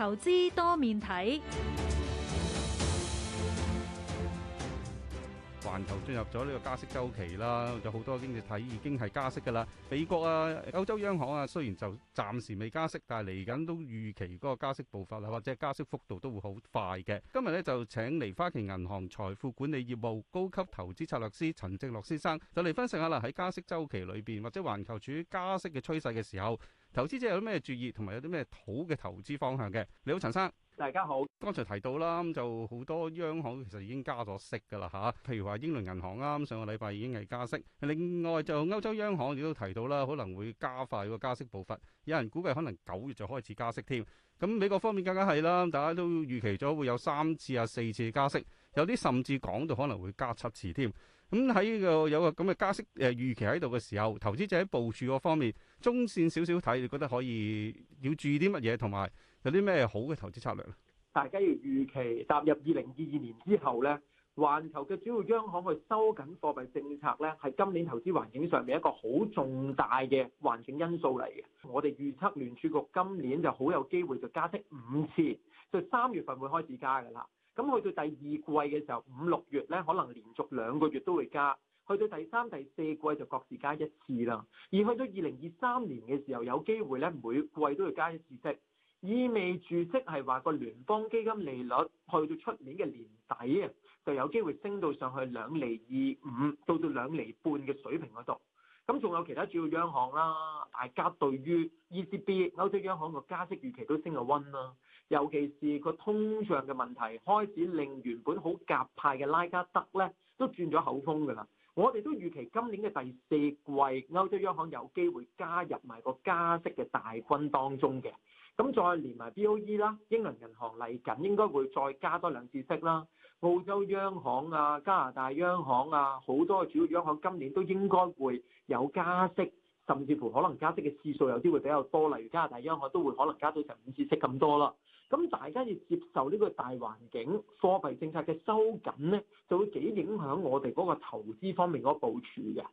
投資多面睇，環球進入咗呢個加息週期啦，有好多經濟體已經係加息噶啦。美國啊，歐洲央行啊，雖然就暫時未加息，但係嚟緊都預期嗰個加息步伐啊，或者加息幅度都會好快嘅。今日咧就請嚟花旗銀行財富管理業務高級投資策略師陳正犖先生，就嚟分析下啦喺加息週期裏邊，或者環球處於加息嘅趨勢嘅時候。投資者有啲咩注意，同埋有啲咩好嘅投資方向嘅？你好，陳生。大家好。剛才提到啦，咁就好多央行其實已經加咗息㗎啦吓，譬如話英倫銀行啊，上個禮拜已經係加息。另外就歐洲央行，亦都提到啦，可能會加快個加息步伐。有人估計可能九月就開始加息添。咁美國方面更加係啦，大家都預期咗會有三次啊四次加息，有啲甚至講到可能會加七次添。咁喺個有個咁嘅加息誒預期喺度嘅時候，投資者喺部署嗰方面，中線少少睇，你覺得可以要注意啲乜嘢，同埋有啲咩好嘅投資策略咧？大家要預期踏入二零二二年之後咧，環球嘅主要央行去收緊貨幣政策咧，係今年投資環境上面一個好重大嘅環境因素嚟嘅。我哋預測聯儲局今年就好有機會就加息五次，就三月份會開始加㗎喇。咁去到第二季嘅時候，五六月咧，可能連續兩個月都會加；去到第三、第四季就各自加一次啦。而去到二零二三年嘅時候，有機會咧，每季都會加一次息，意味住即係話個聯邦基金利率去到出年嘅年底啊，就有機會升到上去兩厘二五，到到兩厘半嘅水平嗰度。咁仲有其他主要央行啦，大家對於 ECB 歐洲央行個加息預期都升咗溫啦。尤其是個通脹嘅問題開始令原本好夾派嘅拉加德咧，都轉咗口風㗎啦。我哋都預期今年嘅第四季歐洲央行有機會加入埋個加息嘅大軍當中嘅。咁再連埋 BOE 啦，英倫銀行嚟緊應該會再加多兩次息啦。澳洲央行啊、加拿大央行啊，好多主要央行今年都應該會有加息。甚至乎可能加息嘅次數有啲會比較多，例如加拿大央行都會可能加到成五次息咁多啦。咁大家要接受呢個大環境貨幣政策嘅收緊咧，就會幾影響我哋嗰個投資方面嗰個部署嘅。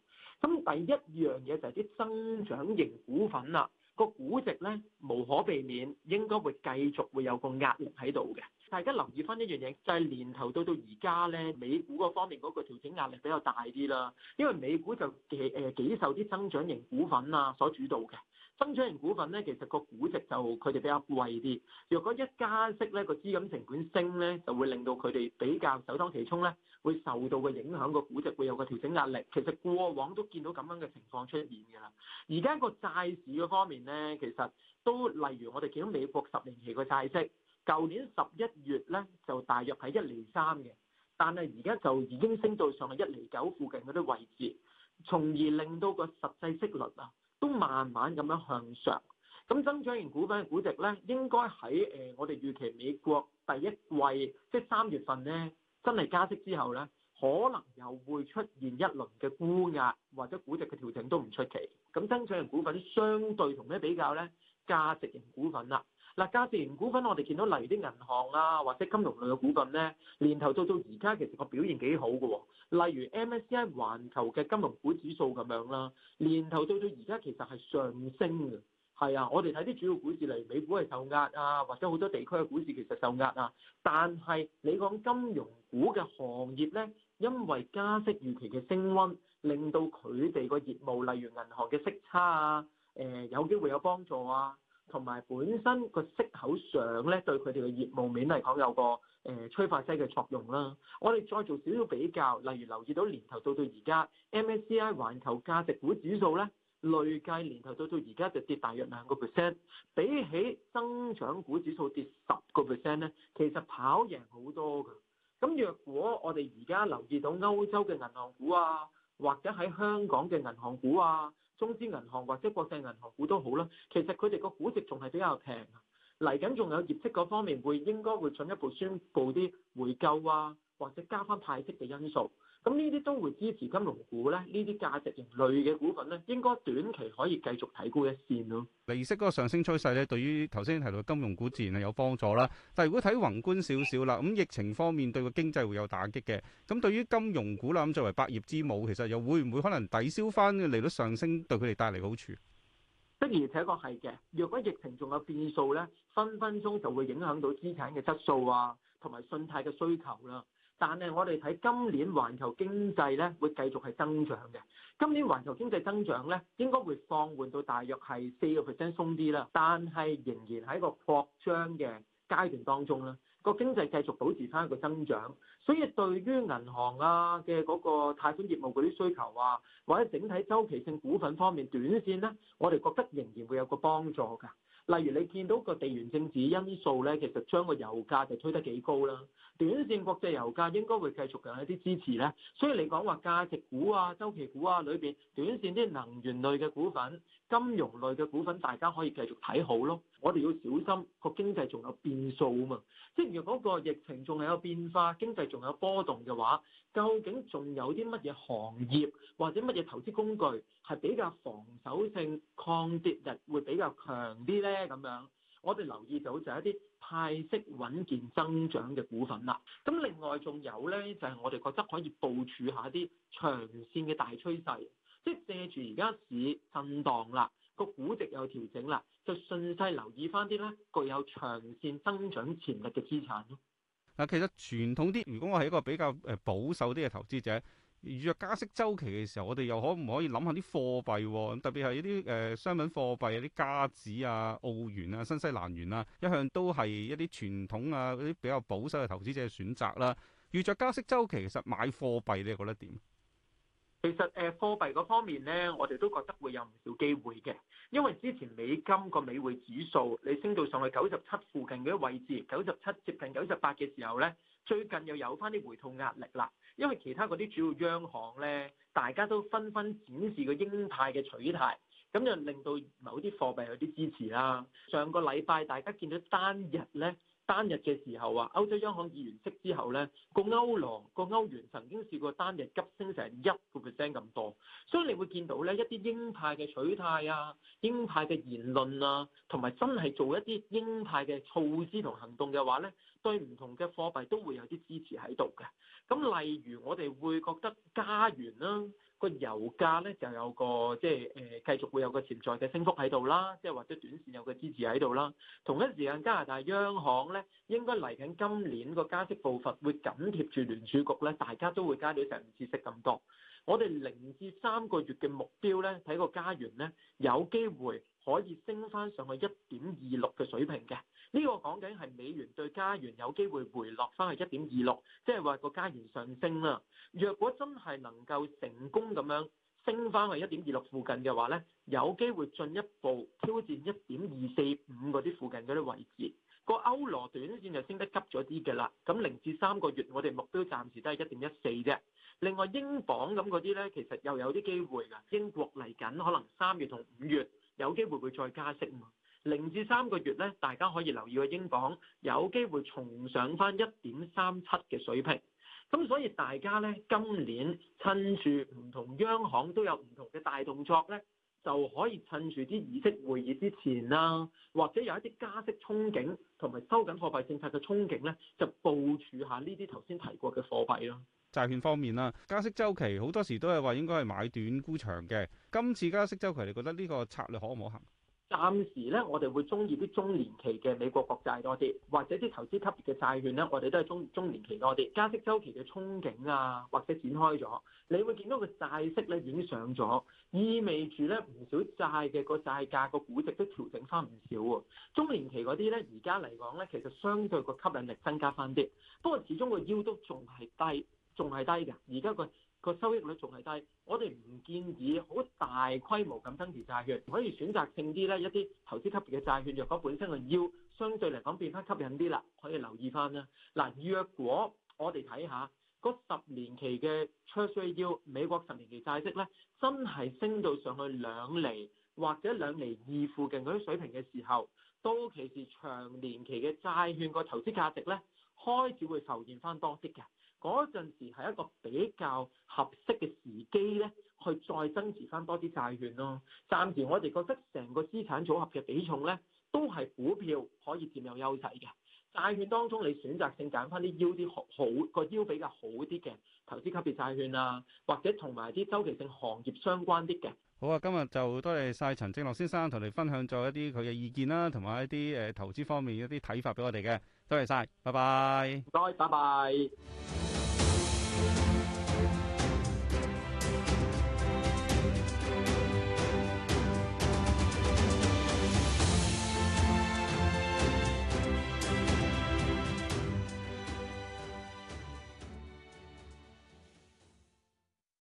咁第一樣嘢就係啲增長型股份啦、啊，個估值咧無可避免應該會繼續會有個壓力喺度嘅。大家留意翻一樣嘢，就係年頭到到而家咧，美股嗰方面嗰個調整壓力比較大啲啦。因為美股就幾誒幾受啲增長型股份啊，所主導嘅，增長型股份咧其實個估值就佢哋比較貴啲。若果一加息咧，個資金成本升咧，就會令到佢哋比較首當其衝咧，會受到個影響。個估值會有個調整壓力。其實過往都見到咁樣嘅情況出現㗎啦。而家個債市嗰方面咧，其實都例如我哋見到美國十年期個債息。舊年十一月咧就大約係一厘三嘅，但係而家就已經升到上嚟一厘九附近嗰啲位置，從而令到個實際息率啊都慢慢咁樣向上。咁增長型股份嘅估值咧，應該喺誒我哋預期美國第一季，即係三月份咧真係加息之後咧，可能又會出現一輪嘅沽壓或者估值嘅調整都唔出奇。咁增長型股份相對同咩比較咧？價值型股份啦。嗱，價值型股份我哋見到，例如啲銀行啊，或者金融類嘅股份咧，年頭做到而家其實個表現幾好㗎喎、哦。例如 MSCI 環球嘅金融股指數咁樣啦，年頭做到而家其實係上升嘅。係啊，我哋睇啲主要股市，例如美股係受壓啊，或者好多地區嘅股市其實受壓啊。但係你講金融股嘅行業咧，因為加息預期嘅升溫，令到佢哋個業務，例如銀行嘅息差啊，誒、呃、有機會有幫助啊。同埋本身個息口上咧，對佢哋嘅業務面嚟講有個誒催化劑嘅作用啦。我哋再做少少比較，例如留意到年頭到到而家 MSCI 環球價值股指數咧，累計年頭到到而家就跌大約兩個 percent，比起增長股指數跌十個 percent 咧，其實跑贏好多㗎。咁若果我哋而家留意到歐洲嘅銀行股啊，或者喺香港嘅銀行股啊，中資銀行或者國際銀行股都好啦，其實佢哋個估值仲係比較平，嚟緊仲有業績嗰方面會應該會進一步宣佈啲回購啊，或者加翻派息嘅因素。咁呢啲都會支持金融股咧，呢啲價值型類嘅股份咧，應該短期可以繼續睇高一線咯。利息嗰個上升趨勢咧，對於頭先提到金融股自然係有幫助啦。但係如果睇宏觀少少啦，咁疫情方面對個經濟會有打擊嘅。咁對於金融股啦，咁作為百業之母，其實又會唔會可能抵消翻利率上升對佢哋帶嚟嘅好處？的而且確係嘅。若果疫情仲有變數咧，分分鐘就會影響到資產嘅質素啊，同埋信貸嘅需求啦啊。但係我哋睇今年環球經濟咧，會繼續係增長嘅。今年環球經濟增長咧，應該會放緩到大約係四個 percent 鬆啲啦。但係仍然喺個擴張嘅階段當中啦，個經濟繼續保持翻一個增長。所以對於銀行啊嘅嗰個貸款業務嗰啲需求啊，或者整體周期性股份方面短線咧，我哋覺得仍然會有個幫助㗎。例如你見到個地緣政治因素咧，其實將個油價就推得幾高啦。短線國際油價應該會繼續有一啲支持咧，所以你講話價值股啊、周期股啊裏邊，短線啲能源類嘅股份。金融類嘅股份大家可以繼續睇好咯。我哋要小心個經濟仲有變數啊嘛，即係如果個疫情仲係有變化，經濟仲有波動嘅話，究竟仲有啲乜嘢行業或者乜嘢投資工具係比較防守性抗跌力會比較強啲咧？咁樣，我哋留意到就係一啲派息穩健增長嘅股份啦，咁另外仲有咧就係、是、我哋覺得可以部署一下啲長線嘅大趨勢。即係借住而家市震盪啦，個估值又調整啦，就順勢留意翻啲咧具有長線增長潛力嘅資產咯。嗱，其實傳統啲，如果我係一個比較誒保守啲嘅投資者，預着加息週期嘅時候，我哋又可唔可以諗下啲貨幣喎？特別係一啲誒商品貨幣啊，啲加紙啊、澳元啊、新西蘭元啊，一向都係一啲傳統啊嗰啲比較保守嘅投資者嘅選擇啦。預着加息週期，其實買貨幣你係覺得點？其實誒貨幣嗰方面咧，我哋都覺得會有唔少機會嘅，因為之前美金個美匯指數你升到上去九十七附近嘅位置，九十七接近九十八嘅時候咧，最近又有翻啲回吐壓力啦。因為其他嗰啲主要央行咧，大家都紛紛展示個鷹派嘅取態，咁就令到某啲貨幣有啲支持啦。上個禮拜大家見到單日咧。單日嘅時候啊，歐洲央行議員息之後咧，個歐羅個歐元曾經試過單日急升成一個 percent 咁多，所以你會見到咧，一啲鷹派嘅取態啊，鷹派嘅言論啊，同埋真係做一啲鷹派嘅措施同行動嘅話咧，對唔同嘅貨幣都會有啲支持喺度嘅。咁例如我哋會覺得加元啦。個油價咧就有個即係誒、呃、繼續會有個潛在嘅升幅喺度啦，即係或者短線有個支持喺度啦。同一時間加拿大央行咧應該嚟緊今年個加息步伐會緊貼住聯儲局咧，大家都會加到成五次息咁多。我哋零至三個月嘅目標咧，睇個加元咧有機會可以升翻上去一點二六嘅水平嘅。呢個講緊係美元對加元有機會回落翻去一點二六，即係話個加元上升啦。若果真係能夠成功咁樣升翻去一點二六附近嘅話呢，有機會進一步挑戰一點二四五嗰啲附近嗰啲位置。個歐羅短線就升得急咗啲嘅啦。咁零至三個月我哋目標暫時都係一點一四啫。另外英鎊咁嗰啲呢，其實又有啲機會嘅。英國嚟緊可能三月同五月有機會會再加息嘛。零至三個月咧，大家可以留意個英鎊有機會重上翻一點三七嘅水平。咁所以大家咧今年趁住唔同央行都有唔同嘅大動作咧，就可以趁住啲議息會議之前啦、啊，或者有一啲加息憧憬同埋收緊貨幣政策嘅憧憬咧，就部署下呢啲頭先提過嘅貨幣咯。債券方面啦，加息週期好多時都係話應該係買短沽長嘅。今次加息週期，你覺得呢個策略可唔可行？暫時咧，我哋會鍾意啲中年期嘅美國國債多啲，或者啲投資級別嘅債券咧，我哋都係中中年期多啲。加息周期嘅憧憬啊，或者展開咗，你會見到個債息咧已經上咗，意味住咧唔少債嘅個債價個估值都調整翻唔少喎。中年期嗰啲咧，而家嚟講咧，其實相對個吸引力增加翻啲，不過始終個腰都仲係低。仲係低嘅，而家個個收益率仲係低。我哋唔建議好大規模咁增持債券，可以選擇性啲咧，一啲投資級別嘅債券，若果本身係要相對嚟講變翻吸引啲啦，可以留意翻啦。嗱，若果我哋睇下個十年期嘅出需要美國十年期債息咧，真係升到上去兩厘或者兩厘二附近嗰啲水平嘅時候，都其實長年期嘅債券個投資價值咧，開始會浮現翻多息嘅。嗰陣時係一個比較合適嘅時機咧，去再增持翻多啲債券咯、啊。暫時我哋覺得成個資產組合嘅比重咧，都係股票可以佔有優勢嘅。債券當中，你選擇性揀翻啲腰啲好，好個腰比較好啲嘅投資級別債券啊，或者同埋啲周期性行業相關啲嘅。好啊，今日就多謝晒陳正犖先生同你分享咗一啲佢嘅意見啦、啊，同埋一啲誒、呃、投資方面一啲睇法俾我哋嘅。多謝晒，拜拜。唔拜拜。